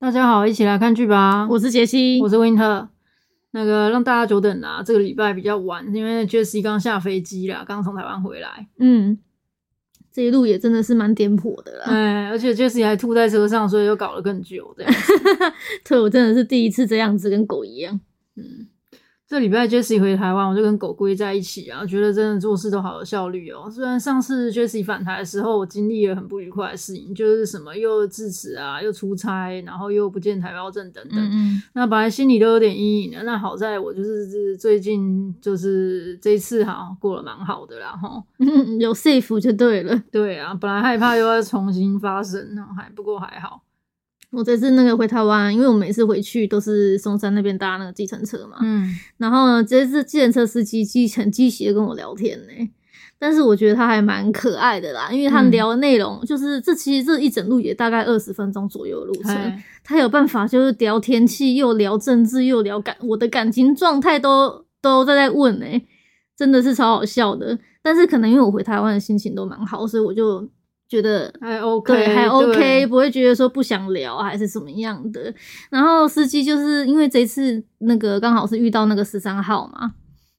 大家好，一起來看劇吧！我是傑西，我是溫特。那個讓大家久等啦、啊，這個禮拜比較晚，因為傑西剛下飛機啦，剛從台灣回來。嗯，這一路也真的是蠻顛簸的啦。哎、欸，而且傑西還吐在車上，所以又搞了更久。這樣，對 我真的是第一次這樣子，跟狗一樣。嗯。這禮拜 Jessie 回台灣，我就跟狗龜在一起啊，覺得真的做事都好有效率哦。雖然上次 Jessie 返台的時候，我經歷了很不愉快的事情，就是什麼又致辭啊，又出差，然後又不見台胞證等等。嗯，嗯，那本來心裡都有點陰影了。那好在我就是最近就是這一次哈，過了蠻好的啦，然後、嗯、有 safe 就對了。對啊，本來害怕又要重新發生，那還不過還好。我這次那個回台灣，因為我每次回去都是松山那邊搭那個計程車嘛，嗯，然後呢，接這次計程車司機很積極地跟我聊天呢、欸，但是我覺得他還蠻可愛的啦，因為他聊的內容就是這、嗯就是、其實這一整路也大概二十分鐘左右的路程，嘿他有辦法就是聊天氣，又聊政治，又聊感，我的感情狀態都都在在問呢、欸，真的是超好笑的。但是可能因為我回台灣的心情都蠻好，所以我就。覺得還 OK，對，還 OK，對，不會覺得說不想聊還是什麼樣的。然後司機就是因為這次那個剛好是遇到那個十三號嘛，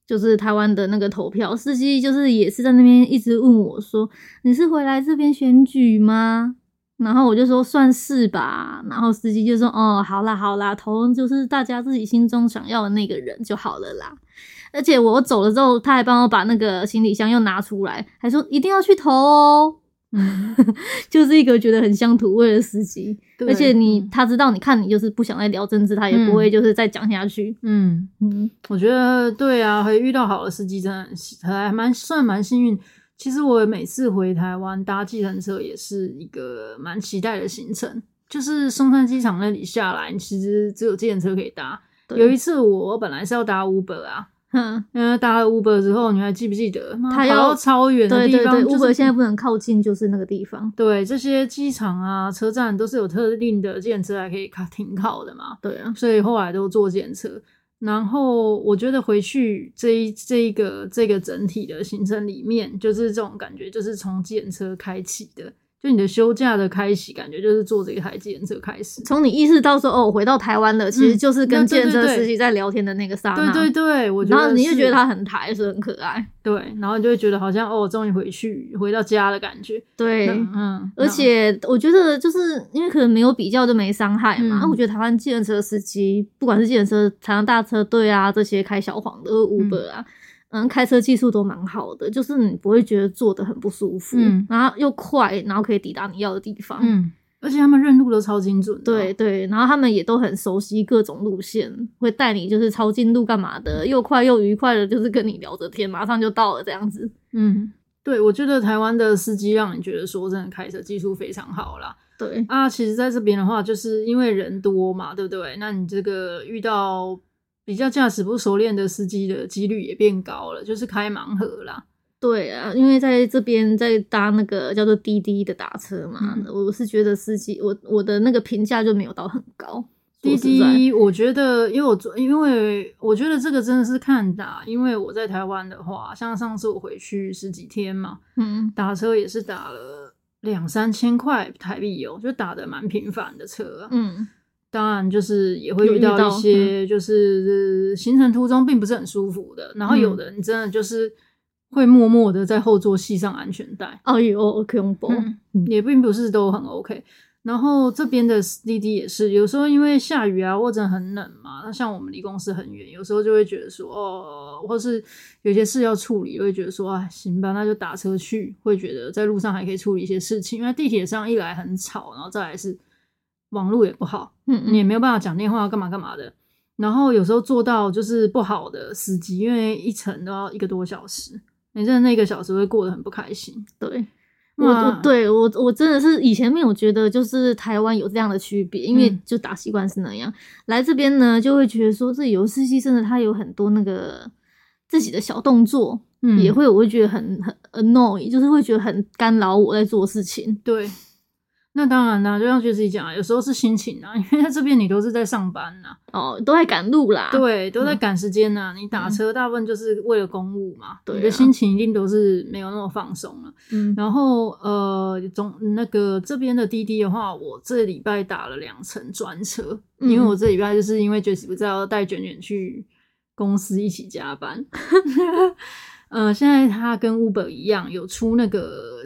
就是台灣的那個投票。司機就是也是在那邊一直問我說：“你是回來這邊選舉嗎？”然後我就說：“算是吧。”然後司機就說：“哦，好啦好啦，投就是大家自己心中想要的那個人就好了啦。”而且我走了之後，他還幫我把那個行李箱又拿出來，還說：“一定要去投哦。”嗯， 就是一個覺得很像土味的司機，對而且你他知道你看你就是不想再聊政治，嗯、他也不會就是再講下去。嗯嗯，嗯我覺得對啊，可遇到好的司機，真的很還蠻算蠻幸運。其實我每次回台灣搭計程車也是一個蠻期待的行程，就是松山機場那裡下來，其實只有計程車可以搭。對有一次我本來是要搭 Uber 啊。.哼，因為、嗯、搭了 Uber 之後，你還記不記得？它要超遠的地方、就是、對對對，Uber 現在不能靠近，就是那個地方。對，這些機場啊、車站都是有特定的計程車，來可以靠停靠的嘛。對啊，所以後來都做計程車。然後我覺得回去這一這一，這一個這一個整體的行程裡面，就是這種感覺，就是從計程車開啟的。就你的休假的開始感覺就是坐這一台計程車開始。從你意識到說哦，回到台灣的，嗯、其實就是跟計程車司機在聊天的那個剎那。對對對。對對對，我覺得然後你就覺得他很台，是很可愛。對，然後你就會覺得好像哦，我終於回去回到家的感覺。對，那嗯。嗯，而且我覺得就是因為可能沒有比較就沒傷害嘛。啊、嗯，那我覺得台灣計程車司機，不管是計程車、台灣大車隊啊，這些開小黃的 Uber 啊。嗯嗯，開車技術都蠻好的，就是你不會覺得坐得很不舒服，嗯、然後又快，然後可以抵達你要的地方。嗯，而且他們認路都超精準、啊。對對，然後他們也都很熟悉各種路線，會帶你就是抄近路幹嘛的，又快又愉快的，就是跟你聊着天，馬上就到了這樣子。嗯，對，我覺得台灣的司機讓你覺得說真的開車技術非常好啦。對啊，其實在這邊的話，就是因為人多嘛，對不對？那你這個遇到。比較駕駛不熟練的司機的幾率也變高了，就是開盲盒啦。對啊，因為在這邊在搭那個叫做滴滴的打車嘛，嗯、我是覺得司機，我我的那個評價就沒有到很高。滴滴，D D, 我覺得因為我做，因為我覺得這個真的是看打，因為我在台灣的話，像上次我回去十幾天嘛，嗯，打車也是打了兩三千塊台幣哦、喔，就打得蠻頻繁的車、啊、嗯。當然，就是也會遇到一些，就是行程途中並不是很舒服的。嗯、然後，有的人真的就是會默默的在後座繫上安全帶。哦喲，恐怖，也並不是都很 OK。然後這邊的滴滴也是，有時候因為下雨啊，或者很冷嘛。那像我們離公司很遠，有時候就會覺得說，哦，或是有些事要處理，會覺得說，啊，行吧，那就打車去。會覺得在路上還可以處理一些事情，因為地鐵上一來很吵，然後再來是。網路也不好，你也沒有辦法講電話幹嘛幹嘛的。嗯嗯，然後有時候坐到就是不好的司機，因為一程都要一個多小時，你在那個小時會過得很不開心。對，哇對，我我對我我真的是以前沒有覺得就是台灣有這樣的區別，因為就打習慣是那樣。嗯、來這邊呢，就會覺得說這有司機真的他有很多那個自己的小動作，嗯、也會我會覺得很很 annoy，就是會覺得很干擾我在做事情。對。那當然啦、啊，就像杰西講啊，有時候是心情啊，因為在這邊你都是在上班吶、啊，哦，都在趕路啦，對，都在趕時間吶、啊，嗯、你打車大部分就是為了公務嘛，對、嗯，你的心情一定都是沒有那麼放鬆了、啊。嗯，然後呃，總那個這邊的滴滴的話，我這禮拜打了兩程專車，嗯、因為我這禮拜就是因為杰西不在，要帶卷卷去公司一起加班。嗯、 呃，現在他跟 Uber 一樣，有出那個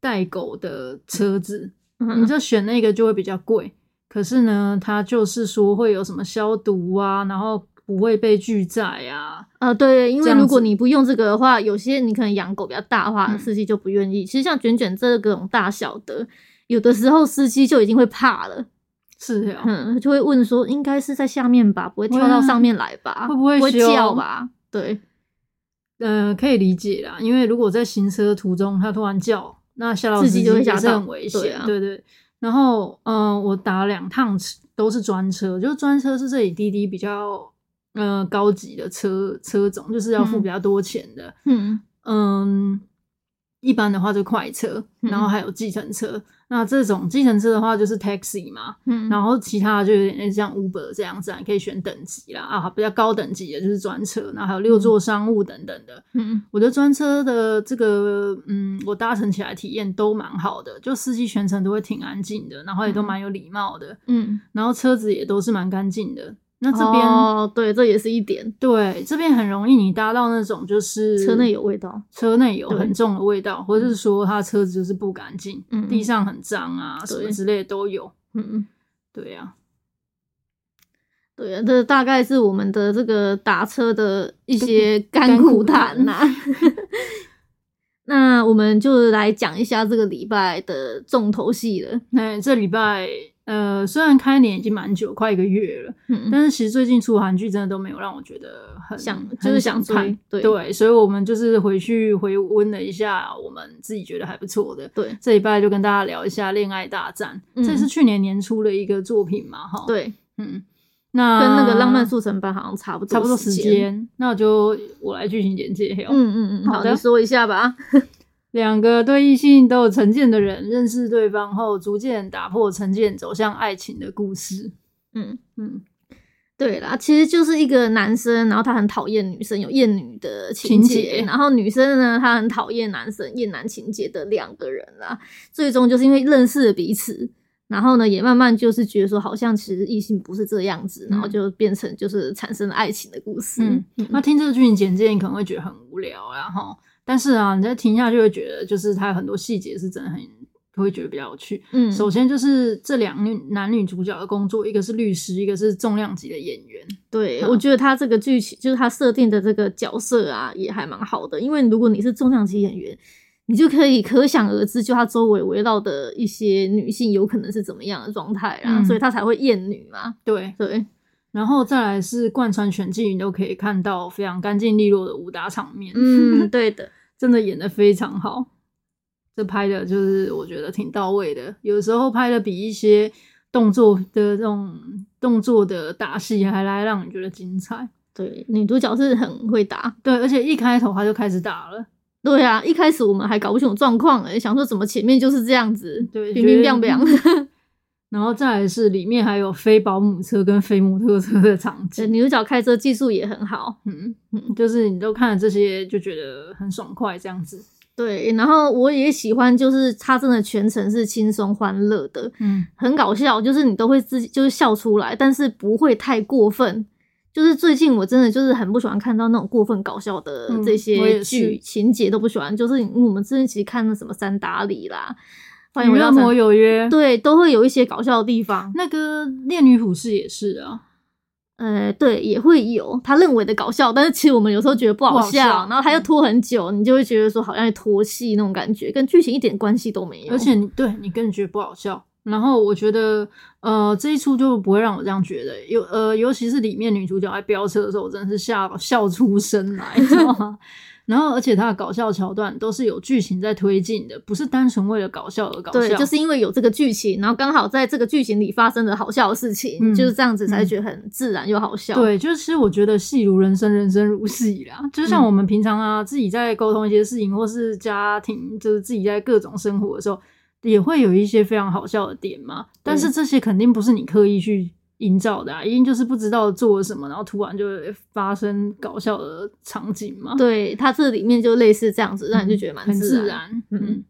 帶狗的車子。嗯你就選那個就會比較貴，可是呢，它就是說會有什麼消毒啊，然後不會被拒載啊。啊、呃，對，因為如果你不用這個的話，有些你可能養狗比較大的話，嗯、司機就不願意。其實像卷卷這種大小的，有的時候司機就已經會怕了。是啊、嗯，就會問說應該是在下面吧，不會跳到上面來吧？會不會，不會叫吧？對，嗯、呃，可以理解啦，因為如果在行車途中它突然叫。那夏老師加上很危險，對,啊、對,對對。然後，嗯，我打了兩趟車都是專車，就是專車是這裡滴滴比較，嗯、呃，高級的車車種，就是要付比較多錢的。嗯。嗯一般的話就快車，然後還有計程車。嗯、那這種計程車的話就是 taxi 嘛，嗯，然後其他的就有點像 Uber 這樣子，可以選等級啦啊，比較高等級的就是專車，然後還有六座商務等等的。嗯嗯，我的專車的這個，嗯，我搭乘起來體驗都蠻好的，就司機全程都會挺安靜的，然後也都蠻有禮貌的，嗯，然後車子也都是蠻乾淨的。那這邊、oh, 對，這也是一點。對，這邊很容易你搭到那種就是車內有味道，車內有很重的味道，對或者是說他車子就是不乾淨，嗯、地上很髒啊，對什麼之類的都有。嗯嗯，對呀、啊，對呀，這大概是我們的這個打車的一些甘苦談吶。 那我們就來講一下這個禮拜的重頭戲了。那這禮拜。呃，雖然開年已經蠻久，快一個月了，嗯，但是其實最近出韓劇真的都沒有讓我覺得很，想。想就是想追，對，對，所以我們就是回去回溫了一下我們自己覺得還不錯的，對，這禮拜就跟大家聊一下《戀愛大戰》，嗯，這是去年年初的一個作品嘛，哈，對，嗯，那跟那個《浪漫速成班》好像差不多差不多時間，那我就我來劇情簡介、喔，嗯嗯嗯，好再說一下吧啊。 兩個對異性都有成見的人認識對方後，逐漸打破成見，走向愛情的故事。嗯嗯，對啦，其實就是一個男生，然後他很討厭女生，有厭女的情節，情節，然後女生呢，她很討厭男生，厭男情節的兩個人啦。最終就是因為認識了彼此，然後呢，也慢慢就是覺得說，好像其實異性不是這樣子，嗯、然後就變成就是產生了愛情的故事。嗯嗯嗯、那聽這個劇情簡介，你剪剪可能會覺得很無聊，然後。但是啊，你再一下就會覺得，就是它很多細節是真的很，會覺得比較有趣。嗯，首先就是這兩女男女主角的工作，一個是律師，一個是重量級的演員。對，嗯、我覺得他這個劇情就是他設定的這個角色啊，也還蠻好的。因為如果你是重量級演員，你就可以可想而知，就他周圍圍繞的一些女性有可能是怎麼樣的狀態，啊，嗯、所以他才會厭女嘛。對對。對然後再來是貫穿全劇，你都可以看到非常乾淨利落的武打場面。嗯， 對的，真的演得非常好。這拍的就是我覺得挺到位的，有時候拍的比一些動作的這種動作的打戲還來讓你覺得精彩。對，女主角是很會打，對，而且一開頭她就開始打了。對啊，一開始我們還搞不清楚狀況，欸，誒想說，怎麼前面就是這樣子，對，明明亮亮。然後再來是裡面還有非保姆車跟非摩托車的場景，女主角開車技術也很好，嗯嗯，嗯就是你都看了這些，就覺得很爽快這樣子。對，然後我也喜歡，就是他真的全程是輕鬆歡樂的，嗯，很搞笑，就是你都會自己就是笑出來，但是不會太過分。就是最近我真的就是很不喜歡看到那種過分搞笑的這些、嗯、劇情節，都不喜歡。就是我們之前其實看了什麼三打裡啦。反正我有約， 對，都會有一些搞笑的地方。那個戀女普世也是啊，呃，對，也會有他認為的搞笑，但是其實我們有時候覺得不好笑，好笑然後他又拖很久，嗯、你就會覺得說好像在拖戲那種感覺，跟劇情一點關係都沒有。而且你對你更覺得不好笑。然後我覺得，呃，這一出就不會讓我這樣覺得。尤呃，尤其是裡面女主角在飆車的時候，我真的是笑笑出聲來， 然後，而且它的搞笑橋段都是有劇情在推進的，不是單純為了搞笑而搞笑。對，就是因為有這個劇情，然後剛好在這個劇情裡發生的好笑的事情，嗯、就是這樣子才覺得很自然又好笑，嗯。對，就是其實我覺得戲如人生，人生如戲啦。就像我們平常啊，嗯、自己在溝通一些事情，或是家庭，就是自己在各種生活的時候，也會有一些非常好笑的點嘛。對但是這些肯定不是你刻意去營造的、啊，因為就是不知道做了什麼，然後突然就發生搞笑的場景嘛。對，它這裡面就類似這樣子，讓人就覺得蠻自然。自然嗯，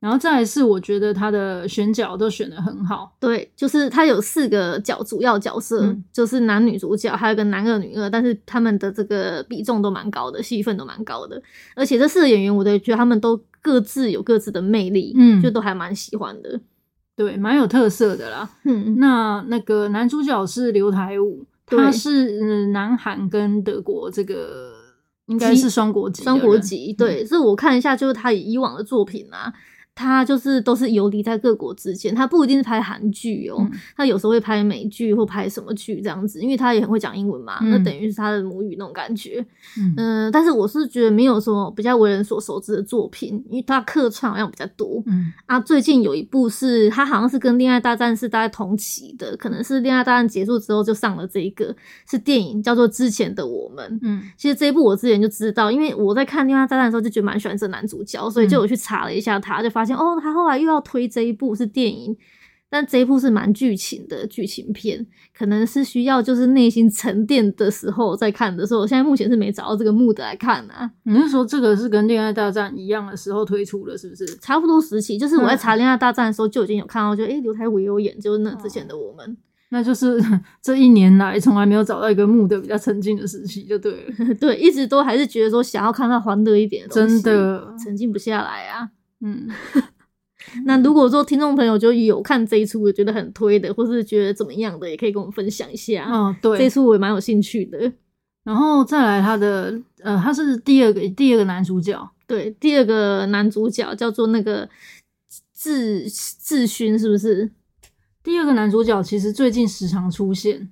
然後再來是，我覺得他的選角都選得很好。對，就是他有四個角，主要角色、嗯、就是男女主角，還有個男二女二，但是他們的這個比重都蠻高的，戲份都蠻高的。而且這四個演員，我都覺得他們都各自有各自的魅力，嗯，就都還蠻喜歡的。嗯對，蠻有特色的啦。嗯，那那個男主角是劉台武，對他是、呃、南韓跟德國這個應該是雙國籍。雙國籍，對。這、嗯、我看一下，就是他以往的作品啊。他就是都是遊離在各國之間，他不一定是拍韓劇哦，嗯、他有時候會拍美劇或拍什麼劇這樣子，因為他也很會講英文嘛，嗯、那等於是他的母語那種感覺。嗯、呃，但是我是覺得沒有什麼比較為人所熟知的作品，因為他客串好像比較多。嗯啊，最近有一部是他好像是跟《戀愛大戰》是大概同期的，可能是《戀愛大戰》結束之後就上了這一個，是電影叫做《之前的我們》。嗯，其實這一部我之前就知道，因為我在看《戀愛大戰》的時候就覺得蠻喜歡這男主角，所以就我去查了一下他，他、嗯、就發。發現哦，他後來又要推這一部是電影，但這一部是蠻劇情的劇情片，可能是需要就是內心沉澱的時候再看的。所以，我現在目前是沒找到這個 mood 來看呢、啊。你是說這個是跟《戀愛大戰》一樣的時候推出的，是不是？差不多時期，就是我在查《戀愛大戰》的時候就已經有看到就，覺得哎，劉、欸、台武有演，就是那之前的我們。哦、那就是這一年來從來沒有找到一個 mood 比較沉靜的時期，就對了。 對，一直都還是覺得說想要看到歡樂一點，真的沉靜不下來啊。嗯， 那如果說聽眾朋友就有看這一出，我覺得很推的，或是覺得怎麼樣的，也可以跟我們分享一下。哦，對，這一出我也蠻有興趣的。然後再來他的，呃，他是第二個第二個男主角，對，第二個男主角叫做那個智智勛，是不是？第二個男主角其實最近時常出現，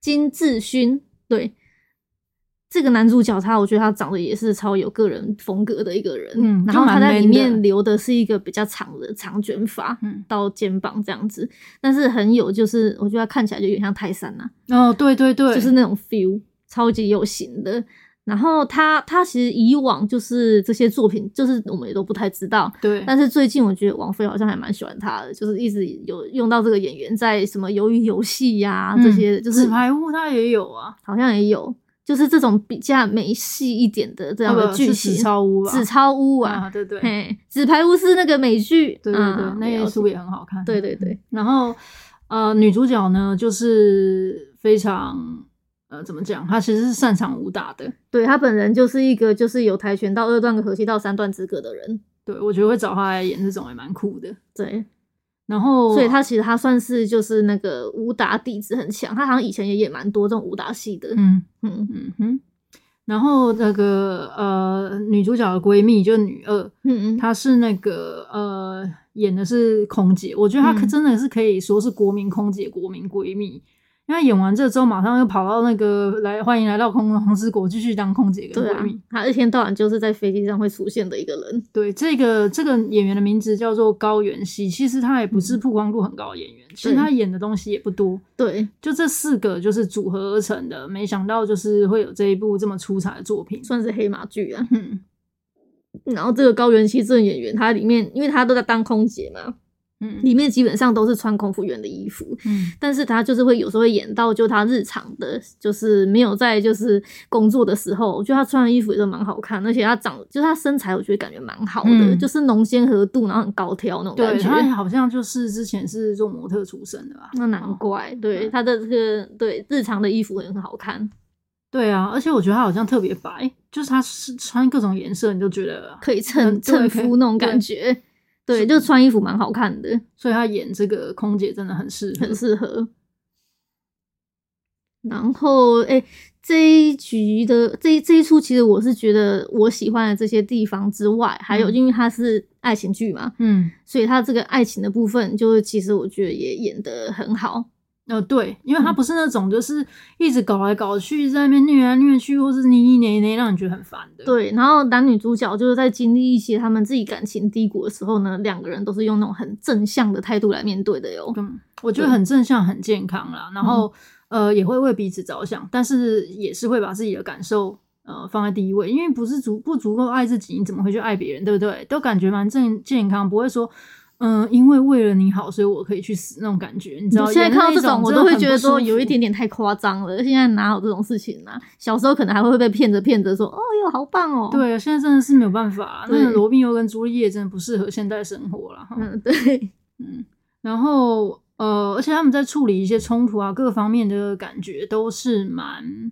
金智勛，對。這個男主角他，我覺得他長得也是超有個人風格的一個人。嗯，然後他在裡面留的是一個比較長的長卷髮，嗯，到肩膀這樣子。但是很有，就是我覺得他看起來就有點像泰山吶、啊。哦，對對對，就是那種 feel，超級有型的。然後他他其實以往就是這些作品，就是我們也都不太知道。對。但是最近我覺得網飛好像還蠻喜歡他的，就是一直有用到這個演員在什麼《魷魚遊戲、啊》呀、嗯、這些，就是《紙牌屋》他也有啊，好像也有。就是這種比較美系一點的這樣的劇情，紙鈔、哦、屋，屋啊，紙鈔屋啊，對對，紙牌屋是那個美劇，對對對，啊、那也出也很好看，對對對、嗯。然後，呃，女主角呢，就是非常，呃，怎麼講？她其實是擅長武打的，對，她本人就是一個就是有跆拳道二段和合氣道三段資格的人，對，我覺得會找她來演這種也蠻酷的，對。然後，所以他其實他算是就是那個武打底子很強，他好像以前也演蠻多這種武打戲的。嗯嗯嗯嗯。然後那個呃女主角的閨蜜就是女二，嗯嗯，她是那個呃演的是空姐，我覺得她可真的是可以說是國民空姐、國民閨蜜。因為演完這之後，馬上又跑到那個來歡迎來到空紅之國繼續當空姐跟閨蜜。對、啊、他一天到晚就是在飛機上會出現的一個人。對，這個這個演員的名字叫做高原希，其實他也不是曝光度很高的演員，嗯、其實他演的東西也不多。對，就這四個就是組合而成的，對沒想到就是會有這一部這麼出彩的作品，算是黑馬劇啊。哼、嗯。然後這個高原希這演員，他裡面因為他都在當空姐嘛。嗯，裡面基本上都是穿空服員的衣服。嗯，但是他就是會有時候會演到就他日常的，就是沒有在就是工作的時候，我覺得他穿的衣服也都蠻好看，而且他長就是他身材，我覺得感覺蠻好的，嗯、就是穠纖合度，然後很高挑那種感覺。對，他好像就是之前是做模特出身的吧？那難怪，哦、對他的這個對日常的衣服也很好看。對啊，而且我覺得他好像特別白，就是他穿各種顏色，你就覺得可以襯襯膚那種感覺。對，就穿衣服蠻好看的，所以她演這個空姐真的很適很適合。然後，哎、欸，這一局的這一這一出，其實我是覺得我喜歡的這些地方之外，還有因為它是愛情劇嘛，嗯，所以它這個愛情的部分，就是其實我覺得也演得很好。呃，對，因為他不是那種就是一直搞來搞去，在那邊虐來虐去，或者一捏一捏，捏，捏，讓你覺得很煩的。對，然後男女主角就是在經歷一些他們自己感情低谷的時候呢，兩個人都是用那種很正向的態度來面對的喲、哦嗯。我覺得很正向、對很健康啦。然後、嗯、哼呃，也會為彼此着想，但是也是會把自己的感受呃放在第一位，因為不是足不足夠愛自己，你怎麼會去愛別人，對不對？都感覺蠻正健康，不會說。嗯，因為為了你好，所以我可以去死那種感覺，你知道現在看到這種，種就我都會覺得說有一點點太誇張了。現在哪有這種事情呢？啊。小時候可能還會被騙着騙着說，哦喲、呃，好棒哦！對，現在真的是沒有辦法。對那羅密歐跟朱麗葉真的不適合現代生活了。嗯，對，嗯，然後呃，而且他們在處理一些衝突啊，各方面的感覺都是蠻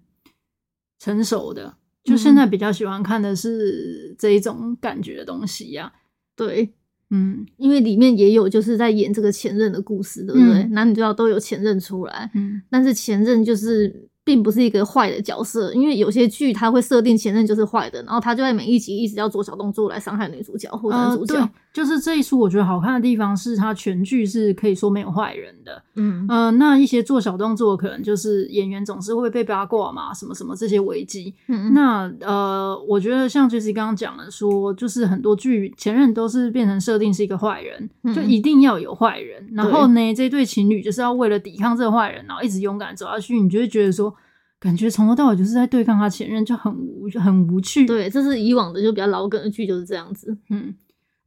成熟的。就現在比較喜歡看的是這一種感覺的東西呀、啊，嗯、對。嗯，因為裡面也有就是在演這個前任的故事，對不對？嗯，男女主角都有前任出來，嗯，但是前任就是並不是一個壞的角色，因為有些劇他會設定前任就是壞的，然後他就在每一集一直要做小動作來傷害女主角或男主角。嗯就是這一出，我覺得好看的地方是，它全劇是可以說沒有壞人的，嗯嗯、呃。那一些做小動作，可能就是演員總是會被八卦嘛，什麼什麼這些危機。嗯嗯那呃，我覺得像就是剛剛講的說就是很多劇前任都是變成設定是一個壞人，嗯嗯就一定要有壞人。然後呢，對這對情侶就是要為了抵抗這個壞人，然後一直勇敢走下去，你就會覺得說，感覺從頭到尾就是在對抗他前任，就很無很無趣。對，這是以往的就比較老梗的劇就是這樣子，嗯。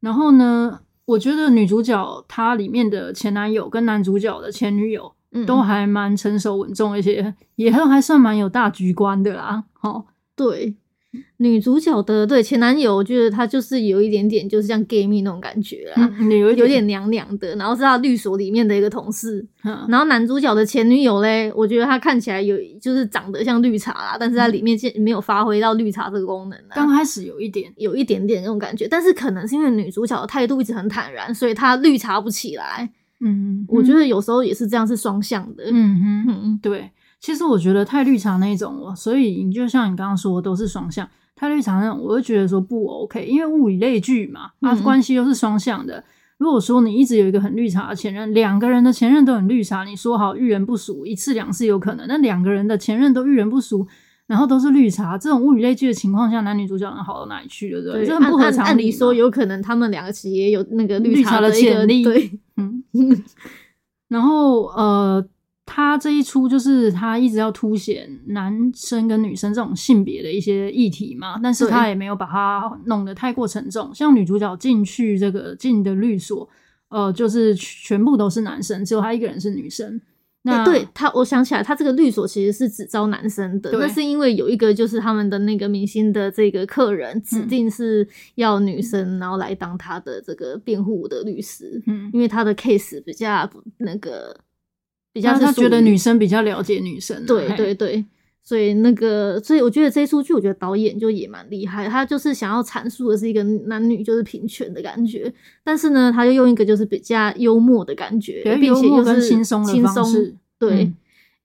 然後呢，我覺得女主角她裡面的前男友跟男主角的前女友，嗯，都還蠻成熟穩重一些，嗯，也還還算蠻有大局觀的啦。好、哦，對。女主角的對前男友，我覺得他就是有一點點，就是像 gay 蜜那種感覺啦，有、嗯、有點娘娘的。然後是他律所裡面的一個同事。嗯、然後男主角的前女友嘞，我覺得他看起來有就是長得像綠茶啦，但是在裡面就沒有發揮到綠茶這個功能。剛開始有一點，有一點點那種感覺，但是可能是因為女主角的態度一直很坦然，所以他綠茶不起來。嗯，我覺得有時候也是這樣，是雙向的。嗯嗯，嗯對。其實我覺得太綠茶那種了，所以你就像你剛剛說，都是雙向太綠茶那種，我就覺得說不 OK，因為物以類聚嘛，啊關係又是雙向的。嗯、如果說你一直有一個很綠茶的前任，兩個人的前任都很綠茶，你說好遇人不淑，一次兩次有可能，那兩個人的前任都遇人不淑，然後都是綠茶，這種物以類聚的情況下，男女主角能好到哪裡去的，對不對？就、嗯、很不合常理。按,按,按,按理說有可能他們兩個其實也有那個綠茶的潛力，對 嗯，然後呃。他這一出就是他一直要凸顯男生跟女生這種性別的一些議題嘛，對但是他也沒有把它弄得太過沉重。像女主角進去這個進的律所，呃，就是全部都是男生，只有她一個人是女生。那、欸、對他，我想起來，他這個律所其實是只招男生的。那對是因為有一個就是他們的那個明星的這個客人指定是要女生，然後來當他的這個辯護的律師，嗯、因為他的 case 比較那個。比較是是他覺得女生比較了解女生，對對對，嘿所以那個，所以我覺得這一出劇，我覺得導演就也蠻厲害。他就是想要闡述的是一個男女就是平權的感覺，但是呢，他就用一個就是比較幽默的感覺，跟並且又是輕鬆輕鬆。對，嗯、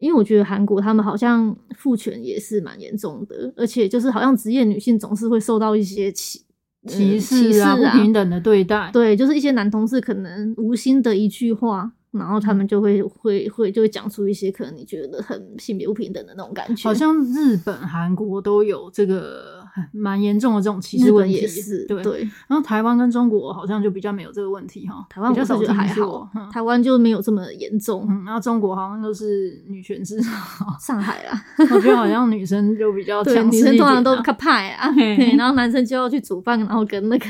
因為我覺得韓國他們好像父權也是蠻嚴重的，而且就是好像職業女性總是會受到一些歧歧視啊、嗯、不平等的對待。對，就是一些男同事可能無心的一句話。然後他們就會、嗯、會會就會講出一些可能你覺得很性別不平等的那種感覺，好像日本、韓國都有這個蠻嚴重的這種歧視問題。對對，對對，然後台灣跟中國好像就比較沒有這個問題哈，台灣我倒是覺得還好，嗯、台灣就沒有這麼嚴重，嗯。然後中國好像都是女權至上，上海啊， 我覺得好像女生就比較強勢、啊、 對，女生通常都可怕呀，啊， 然後男生就要去煮飯，然後跟那個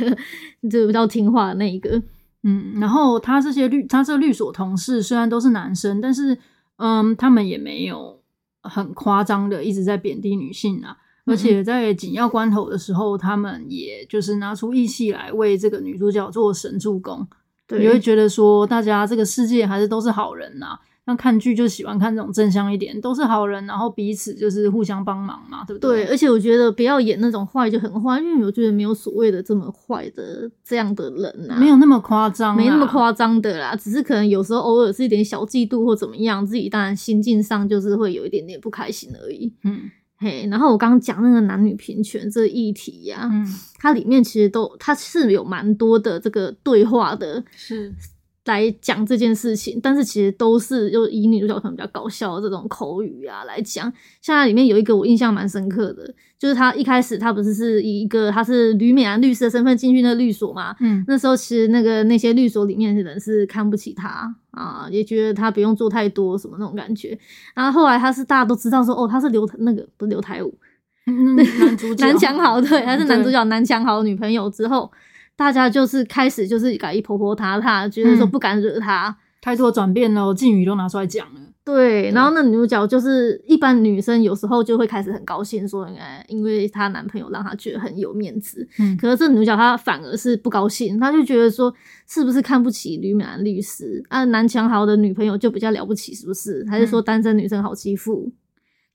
就比較聽話的那一個。嗯，然後他這些律，他這個律所同事雖然都是男生，但是，嗯，他們也沒有很誇張的一直在貶低女性啊。而且在緊要關頭的時候，嗯、他們也就是拿出義氣來為這個女主角做神助攻，對，你會覺得說，大家這個世界還是都是好人吶、啊。看劇就喜歡看這種正向一點，都是好人，然後彼此就是互相幫忙嘛，對不對？對，而且我覺得不要演那種壞就很壞，因為我覺得沒有所謂的這麼壞的這樣的人啊，沒有那麼誇張啊，沒那麼誇張的啦，只是可能有時候偶爾是一點小嫉妒或怎麼樣，自己當然心境上就是會有一點點不開心而已。嗯，嘿，hey，然後我剛剛講那個男女平權這議題呀，嗯，它裡面其實都它是有蠻多的這個對話的，是。來講這件事情，但是其實都是就以女主角可能比較搞笑的這種口語啊來講。像在裡面有一個我印象蠻深刻的，就是她一開始，她不是是以一個她是呂美蘭律師的身份進去那個律所嘛，嗯，那時候其實那個那些律所裡面的人是看不起她啊，也覺得她不用做太多什麼那種感覺。然後後來她是大家都知道說哦，她是劉那個不是劉台舞，男主角男強豪，對，還是男主角男強豪女朋友之後，大家就是開始就是改一婆婆他他，就是說不敢惹他，開始有轉變了，敬語都拿出來講了。對，對然後那女主角就是一般女生有時候就會開始很高興說，因為她男朋友讓她覺得很有面子。嗯，可是這女主角她反而是不高興，她就覺得說，是不是看不起呂美蘭律師啊？男強豪的女朋友就比較了不起，是不是？還是說單身女生好欺負？嗯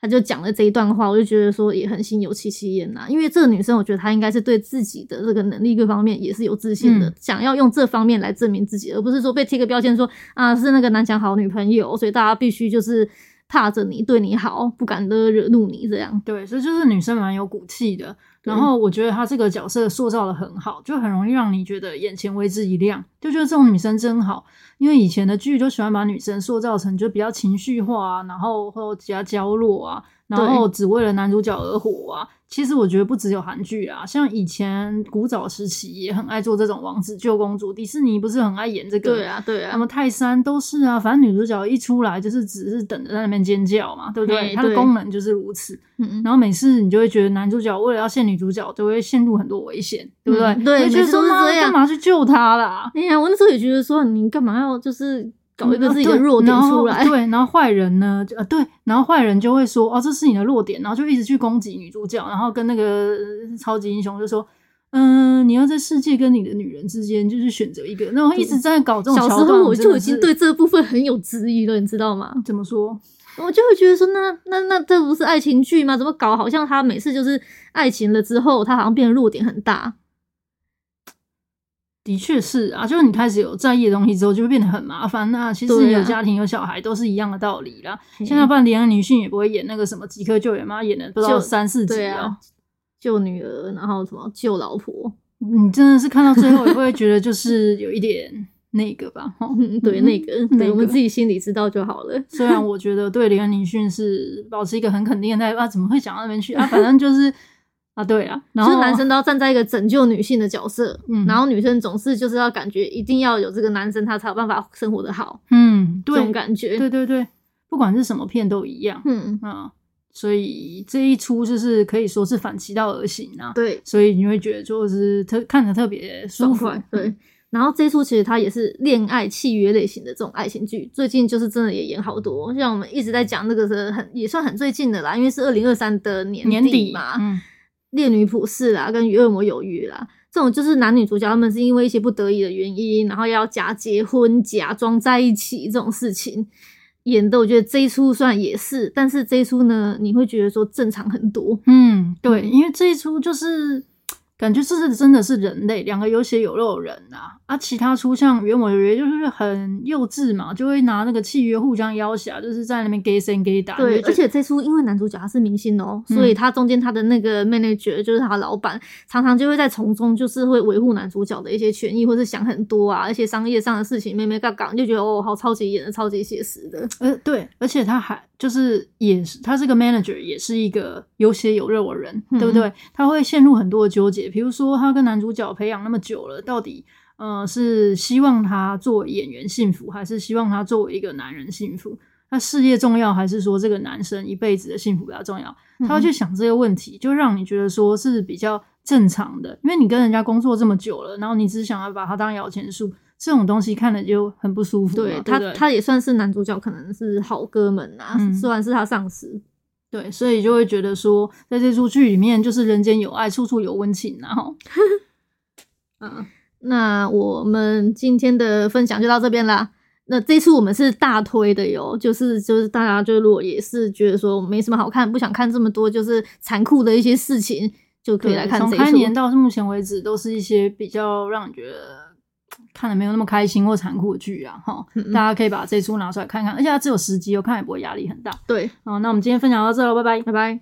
他就講了這一段話，我就覺得說也很心有戚戚焉吶，因為這個女生，我覺得她應該是對自己的這個能力各方面也是有自信的，嗯、想要用這方面來證明自己，而不是說被貼個標籤說啊，是那個男強好女朋友，所以大家必須就是。踏着你，對你好，不敢惹惹怒你，這樣對，所以就是女生蠻有骨氣的。對然後我覺得她這個角色，塑造的很好，就很容易讓你覺得眼前為之一亮，就覺得這種女生真好。因為以前的劇就喜歡把女生塑造成就比較情緒化、啊、然後或有其他嬌弱啊。然後只為了男主角而活啊！對其實我覺得不只有韓劇啊，像以前古早時期也很愛做這種王子救公主。迪士尼不是很愛演這個？對啊，對啊。那麼泰山都是啊，反正女主角一出來就是只是等着在那邊尖叫嘛，對不對？它對的功能就是如此。對嗯嗯。然後每次你就會覺得男主角為了要陷女主角，就會陷入很多危險，嗯、對不對？對，就是說，幹嘛去救他啦？哎呀、欸啊，我那時候也覺得說，你幹嘛要就是。搞一個自己的弱點出來、嗯對，對，然後壞人呢，呃、啊，對，然後壞人就會說，哦，這是你的弱點，然後就一直去攻擊女主角，然後跟那個超級英雄就說，嗯、呃，你要在世界跟你的女人之間就是選擇一個，對然後一直在搞這種小，小時候我就已經對這部分很有質疑了，你知道嗎？怎麼說？我就會覺得說，那那那，那這不是愛情劇嗎？怎麼搞？好像他每次就是愛情了之後，他好像變得弱點很大。的確是啊，就是你開始有在意的東西之後，就會變得很麻煩、啊。那其實有家庭有小孩都是一樣的道理啦。啊、現在不然連恩尼遜也不會演那個什麼即刻救援嗎？演了不知道三就四集了對啊，救女兒，然後什麼救老婆，你真的是看到最後也不會覺得就是有一點那個吧。 嗯、對，那個對，那個、我們自己心裡知道就好了。 雖然我覺得對連恩尼遜是保持一個很肯定的，態度啊，怎麼會想到那邊去啊？反正就是。啊，對啊，然後就是男生都要站在一個拯救女性的角色，嗯，然後女生總是就是要感覺一定要有這個男生他才有辦法生活得好，嗯，對，這種感覺，對對對，不管是什麼片都一樣，嗯啊，所以這一出就是可以說是反其道而行啊，對，所以你會覺得就是特看着特別舒服爽快，對，然後這一出其實它也是戀愛契約類型的這種愛情劇，最近就是真的也演好多，像我們一直在講那個時候很也算很最近的啦，因為是二零二三的年底嘛，年底嗯。烈女朴氏啦，跟惡魔有約啦，這種就是男女主角他們是因為一些不得已的原因，然後要假結婚、假裝在一起這種事情演的。我覺得這一出算也是，但是這一出呢，你會覺得說正常很多。嗯，對，因為這一出就是。感覺這是真的是人類兩個有血有肉的人啊！啊，其他出像原我以為就是很幼稚嘛，就會拿那個契約互相要挾，就是在那邊給生給打。對，而且這出因為男主角他是明星哦、喔，嗯、所以他中間他的那個 manager 就是他老板，常常就會在從中就是會維護男主角的一些權益，或是想很多啊，而且商業上的事情，妹妹嘎嘎，就覺得哦，好超級演的超級寫實的。呃，對，而且他還就是也是他是個 manager，也是一個有血有肉的人，嗯、對不對？他會陷入很多的糾結。比如說，他跟男主角培養那麼久了，到底呃是希望他作為演員幸福，還是希望他作為一個男人幸福？他事業重要，還是說這個男生一輩子的幸福比較重要？他會去想這個問題，嗯、就讓你覺得說是比較正常的。因為你跟人家工作這麼久了，然後你只想要把他當搖錢樹，這種東西看了就很不舒服了。對，他，他也算是男主角，可能是好哥們啊，嗯、雖然是他上司。對，所以就會覺得說，在這齣劇裡面，就是人間有愛，處處有溫情，然後， 嗯，那我們今天的分享就到這邊啦。那這次我們是大推的喲，就是就是大家就如果也是覺得說沒什麼好看，不想看這麼多就是殘酷的一些事情，就可以來看這一齣。對。從開年到目前為止，都是一些比較讓你覺得，看了沒有那麼開心或殘酷的劇啊，哈，嗯、大家可以把這出拿出來看看，而且它只有十集，哦，看也不會壓力很大。對，好、哦，那我們今天分享到這了，拜拜，拜拜。